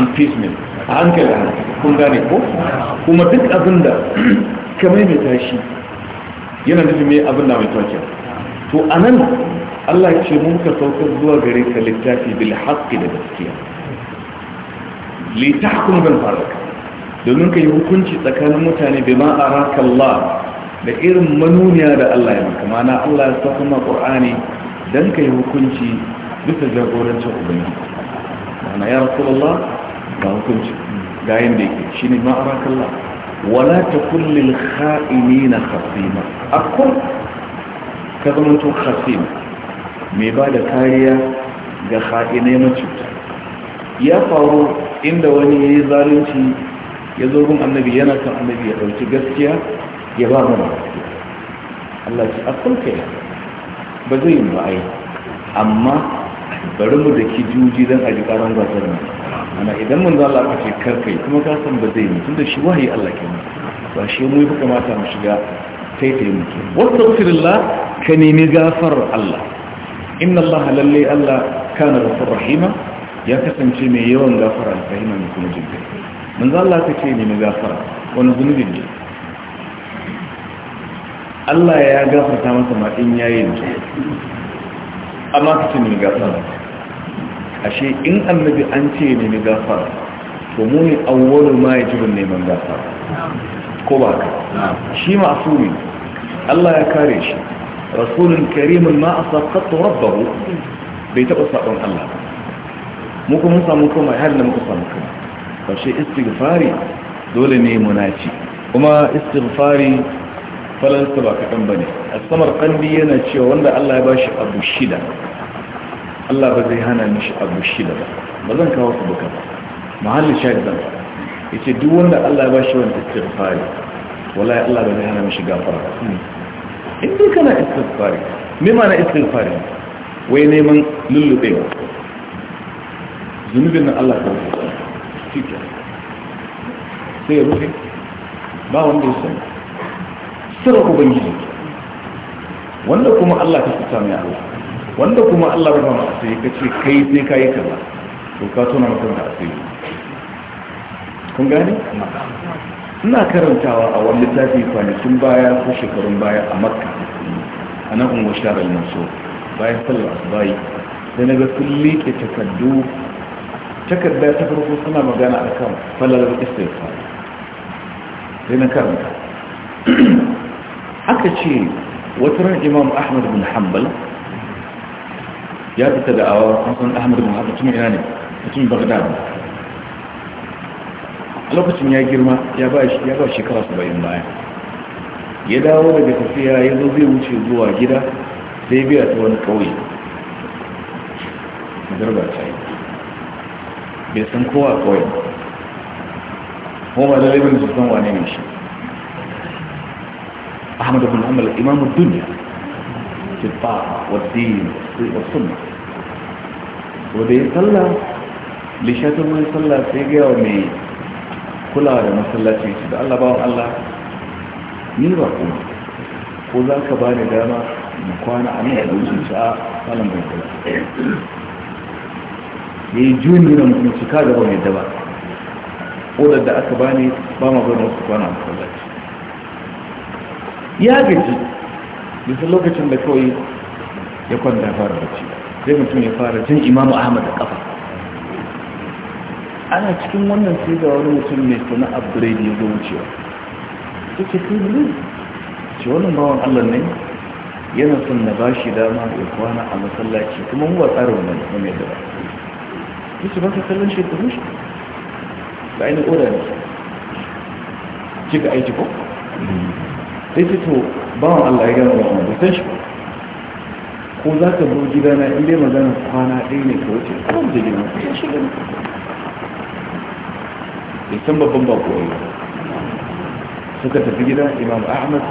impeachment a hankali kun gane ko kuma duk abinda kamar mai tashi yana nufin mai abin mai tokiya to a nan allah ce mun ka saukar zuwa gare ka littafi bil haƙƙi da gaskiya lita hakun ban fara. domin ka yi hukunci tsakanin mutane bai ma a rakallah da irin manuniya da allah ya maka mana allah ya sa kuma ƙur'ani don ka yi hukunci bisa jagorancin ubangiji ma'ana ya rasu allah ga hukunci ga yanda yake ne ma'ara kalla wala ha'ini na hasima a akul ka zama to khasima mai ba da kariya ga kha'inai macuta ya faru inda wani yi zalunci ya zo gun annabi yana kan annabi ya dauki gaskiya ya ba mu gaskiya Allah ya akulka ya ba zai yi ba ai amma bari mu da ki juji don aji karan gwazon nan ana idan mun za Allah ce karkai kuma ka san ba zai mutum da shi wahayi Allah ke ba shi mu fi kamata mu shiga taitaye muke wata firillah ka nemi gafar Allah inna Allah lalle Allah kana gafar rahima ya kasance mai yawan gafara rahima ne kuma jin mun za Allah ka ce nemi gafara wani zunubi ne Allah ya gafarta masa ma in yayin amma ka ce nemi gafara ashe in annabi an ce nemi gafara to mu ne awwalu ma ya yajibu neman gafara ko ba ka shi masu ma'sumi Allah ya kare shi rasulun karimin ma a asaqatu rabbahu bai taɓa sabon Allah mu kuma mun samu kuma har da muka samu kuma kashe istighfari dole ne munaci kuma istighfari falansa ba kaɗan ba ne a samar ƙandi yana cewa wanda allah ya ba shi abu shida allah ba zai hana mishi abu shida ba ba zan kawo su buka Mahalli shahid zan ya ce duk wanda allah ya ba shi wani istirfari wala ya allah ba zai hana mishi gafara hmm. in dai kana istirfari me mana istirfari wai neman lullubewa zunubin na allah ka rufe sai ya rufe ba wanda ya sani sirrin ubangiji wanda kuma Allah ta fita mai Allah wanda kuma Allah ba ma sai ka ce kai sai kai kaza to ka tona mutum da asiri kun gane ina karantawa a wani littafi kwanakin baya ko shekarun baya a makka a nan unguwar sharar mansur bayan sallar asubahi sai na ga sun liƙe takardu takarda ta farko suna magana a kan falalar istighfar sai na karanta aka ce wata ran imam ahmad bin hanbal ya fita da awa kansan ahmad bin hanbal tun ina ne tun bagdad a lokacin ya girma ya ba shekara saba'in baya ya dawo daga tafiya ya zo zai wuce zuwa gida sai biya ta wani kauye garba ta yi bai san kowa kauye kuma da laifin su san wane ne shi أحمد بن عمر إمام الدنيا في الطاعة والدين والسنة وده يصلى لشاته ما يصلى سيجا ومي كل هذا مسلاتي يشد الله باو الله نيرا قوم وذاك باني داما مقوانا عمي أدوش إن شاء فلم بيكلا يجون من المسكاة ومي دبا ودد أكباني باما بنا مسكوانا مسلاتي ya gaji bisa lokacin da kawai ya kwanta fara bacci sai mutum ya fara jin imamu ahmad da kafa ana cikin wannan sai ga wani mutum mai suna upgrade ya zo wucewa ta ce kai ne ce wannan bawan allah ne yana son na ba shi dama ya kwana a masallaci kuma mu ba tsara wannan kuma mai daba ta ce ba ka kallon shi da ainihin oda ne ga aiki ko sai ce to bawan Allah ya gano wani da san ba. ko za ka zo gidana in inda magana kwana ɗaya ne ka wuce ko da gidan ka ya shiga ne san babban ba ko ba. suka tafi gida imam ahmad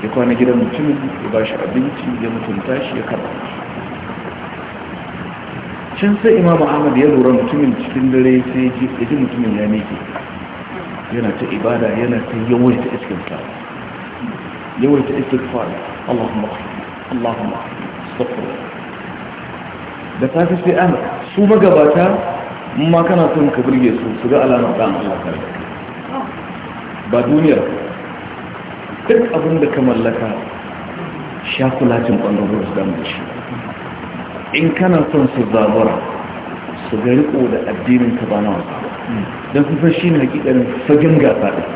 ya kwana gidan mutumin ya ba shi abinci ya mutunta shi ya karɓa can sai imam ahmad ya lura mutumin cikin dare sai ya ji mutumin ya miƙe yana ta ibada yana ta ta iskin sa yawaita istighfar Allahumma Allahumma astaghfir da safi sai an su magabata ma kana son ka burge su su ga alamar dan Allah tare ba duniyar duk abin da ka mallaka shakulatin ɓangarorin su damu da shi in kana son su zabara su ga riko da addinin ka ba na wasa don sun shi na hakikarin fagen gasa ɗin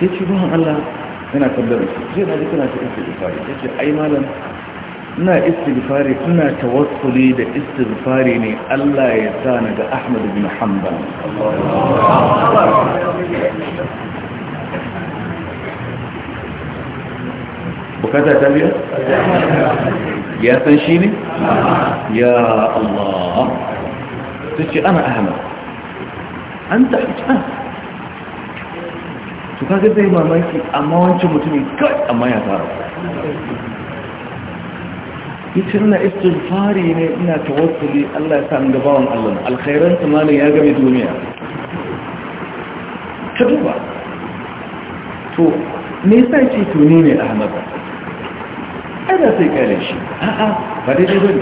sai ce ruwan Allah yana tambayar su zai na ji kuna ta istighfari ya ce ai malam ina istighfari ina tawassuli da istighfari ne Allah ya sa na ga Ahmad bin Hanbal bukata ta biya ya san shi ne ya Allah tace ana Ahmad anta ahmad su kaga zai mamaki amma wancan mutumin kai amma ya fara yace ina istighfari ne ina tawakkuli Allah ya san gabawan Allah alkhairan mallan ya game duniya ta to me yasa ce to ni ne Ahmad da sai kare shi a'a ba dai dai ne.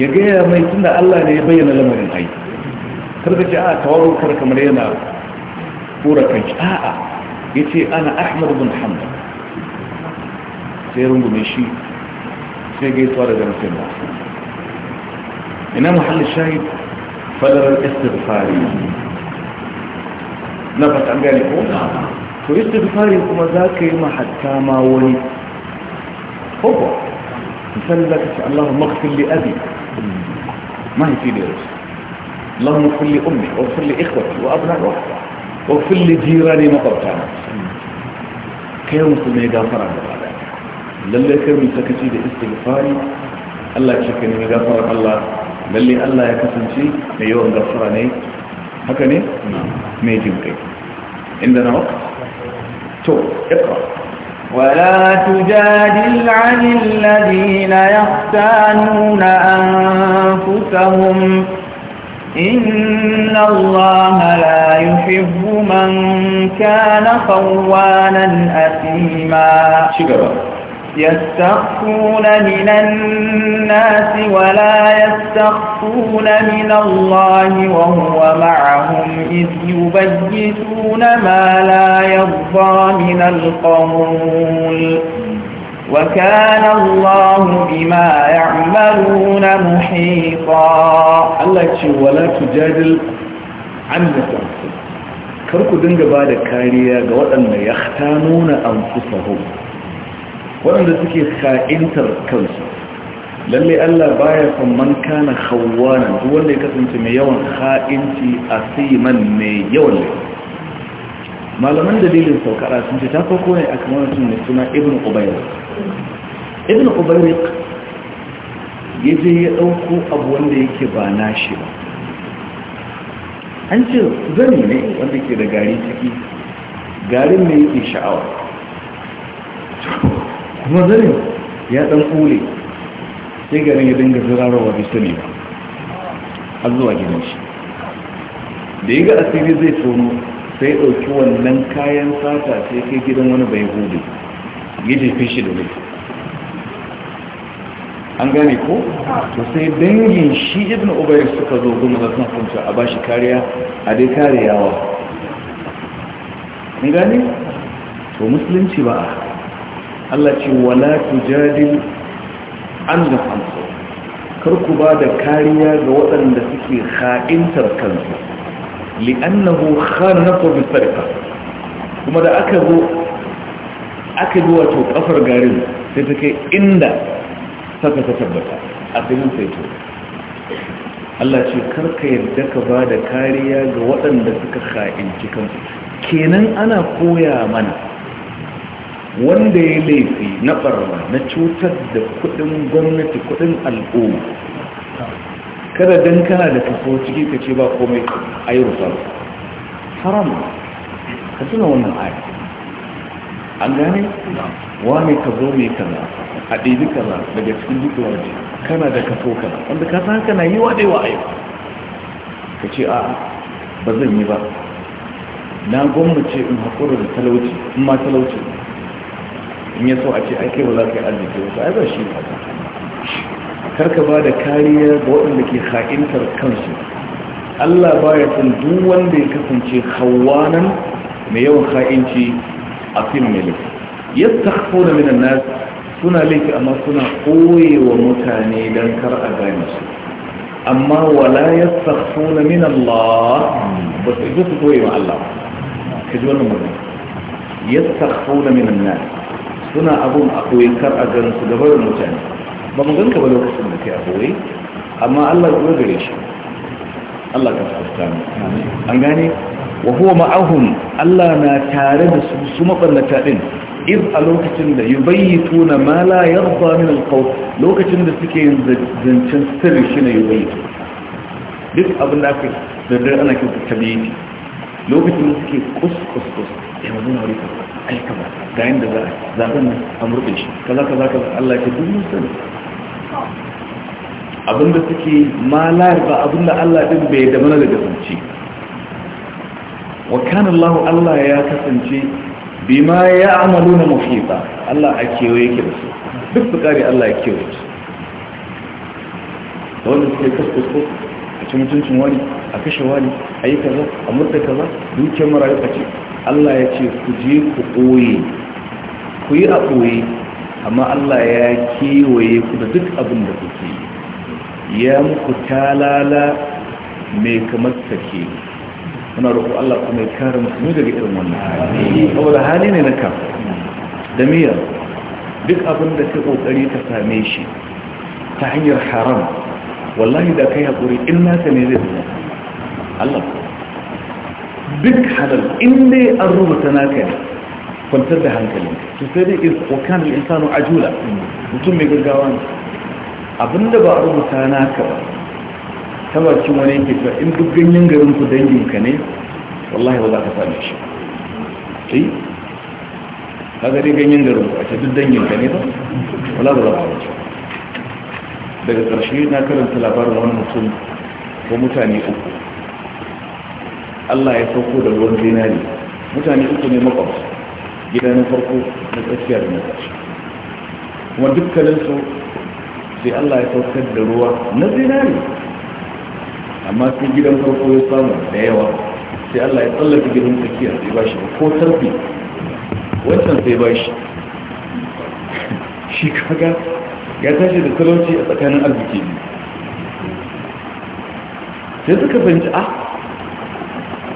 ya ga mai tunda Allah ne ya bayyana lamarin ai karka ce a tawarukar kamar yana tura kanki a'a ya ce ana ahmad bin hamdan sai rungume shi sai gaisuwa da jamsin ba ina muhallin shahid fadarar istighfari na fata an gane ko to istighfari kuma za ka yi mahatta ma wani ko misali za ka ce allahu maghfir li abi mahaifi da yarsu اللهم اغفر لأمي واغفر لإخوتي وأبناء وأخوة wa kulli jirani makwabta kai musulmai gafara da bada Lallai kai mu sakaci da istighfari Allah ce kai ne gafara Allah Lallai Allah ya kasance mai yawan gafara ne haka ne mai jin kai inda na waka to ikra ولا تجادل عن الذين يختانون أنفسهم إن الله لا يحب من كان خوانا أثيما يستخفون من الناس ولا يستخفون من الله وهو معهم إذ يبيتون ما لا يرضى من القول وكان الله بما يعملون محيطا الله ولا تجادل عن نفسك karku dinga ba da kariya ga waɗanda ya nuna an waɗanda suke sa'intar kansu lalle Allah baya son man kana khawwana wanda ya kasance mai yawan ha'inci asiman mai yawan laifi malaman dalilin saukara sun ce ta farko ne a kamar mutum mai suna ibn ubayr ibn ubayr ya je ya ɗauko abu wanda yake ba na shi ba an ce zani ne wanda ke da gari ciki garin ne yake sha'awa kuma zanin ya ɗan ƙule sai garin ya dinga zirarwa bisa ne ba har zuwa gidan shi da ya ga asiri zai tono sai ɗauki wannan kayan sata sai kai gidan wani bai hudu ya jefe shi da wuri an gane ko to sai dangin shi ibn ubayr suka zo goma da sun kunta a bashi kariya a dai kariyawa an gane to musulunci ba Allah ce wala tujadil an da kar ku ba da kariya ga waɗanda suke ha'intar kansu li'annahu khana nafsu bi kuma da aka zo aka yi wato kafar garin sai ta inda saka ta tabbata a sai to Allah ce ka yadda ka ba da kariya ga waɗanda suka ha'inci kansu kenan ana koya mana wanda ya laifi na ɓarwa na cutar da kuɗin gwamnati kuɗin al'umma kada dan kana da kaso ciki ka ce ba komai ayi rufa haram ka tuna wannan aya an gane wani ka zo mai kaza a ɗaiɗi kaza daga cikin dukkan waje kana da kaso kaza wanda ka san kana yi waɗe wa ayo ka ce a ba zan yi ba na gwamnace in haƙura da talauci in ma talauci in ya so a ce ake ba za ka yi arziki wasu ai ba shi ba karka ba da kariya ga waɗanda ke ha'intar kansu Allah ba ya san duk wanda ya kasance hawanan mai yawan ha'inci a fil malik yadda haƙo da minan nas suna laifi amma suna koye mutane don kar a gane su amma wala yadda haƙo da minan Allah ba su ibi su koye Allah ka ji wannan wani. yadda haƙo da minan nas suna abun a koyi kar a gane su gabar mutane ba mu ganka ba lokacin da kai a boye amma Allah ya gare shi Allah ka fuskanta mu an gane wa huwa ma'ahum Allah na tare da su su maballata din iz a lokacin da yubayyituna ma la yarda min alqawl lokacin da suke yin zancen sirri shine yubayyitu duk abin da aka da dare ana kin tabiyi lokacin da suke kus kus kus ya mu na wuri ka ai kamar ga yanda za a zaben nan amurbe shi kaza kaza kaza Allah ya duk mun sani abinda suke malar ba abinda Allah din bai da mana daga zance wa kana Allah Allah ya kasance bima ya'maluna muhita Allah a kewaye yake da su duk su kare Allah ya kewaye su wanda suke kasko a ci mutuncin wani a kashe wani a yi kaza a murda kaza dukiyar marayu a ce Allah ya ce ku je ku ɓoye ku yi a ɓoye amma Allah ya kewaye ku da duk abin da kuke ya muku talala mai kamar take muna roƙo Allah kuma ya kare musulmi daga irin wannan hali saboda hali ne na kafa da miya duk abin da ka kokari ka same shi ta hanyar haram wallahi da kai hakuri in naka ne zai zama Allah duk halal in dai an rubuta naka ne kwantar da hankali to sai dai is wakan al-insanu ajula mutum mai gaggawa ne abinda ba a rubuta ka ba ta bakin wani yake cewa in duk ganyen garin ku dangin ka ne wallahi ba za ka same shi eh kaga dai ganyen garin ku a ce duk dangin ka ne ba wallahi ba za ka shi daga ƙarshe na karanta labarin wani mutum ko mutane uku Allah ya sauko da ruwan zinari mutane uku ne makwabta gida na farko na tsakiya da matashi, kuma dukkaninsu sai allah ya saukar da ruwa na zinari amma sai gidan farko ya samu da yawa sai allah ya tsallaka gidan tsakiya sai ba shi ko tarfi wancan sai ba shi shi kaga ya tashi da talauci a tsakanin arziki ne sai suka fahimci a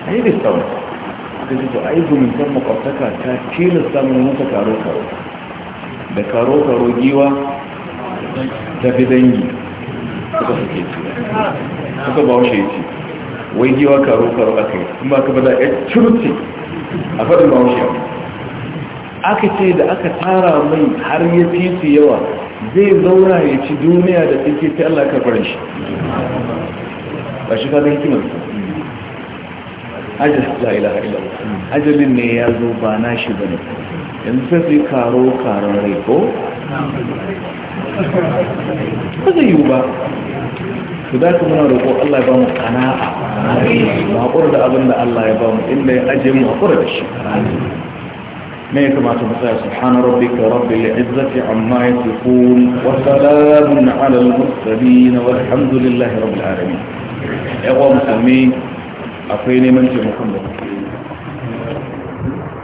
a yi da suka ji to ai san makwabtaka ta tilasta mu muka karo karo da karo karo giwa ta fi dangi suka suke ci suka ba washe ci wai giwa karo karo aka yi kuma aka bada ya curce a faɗin ba washe aka ce da aka tara mai har ya titi yawa zai zaura ya ci duniya da take sai Allah ka bar shi ba shi ka ga hikimar ajal la ilaha illallah ajalin ne ya zo ba na shi bane yanzu sai su karo karon rai ko ba zai yiwu ba su da kuma muna roƙo Allah ya ba mu kana'a mu haƙura da abin da Allah ya ba mu inda ya aje mu haƙura da shi ما كما تبقى سبحان ربك رب العزة عما يصفون وسلام على المرسلين والحمد لله رب العالمين يا مسلمين akwai neman taimakon da kuke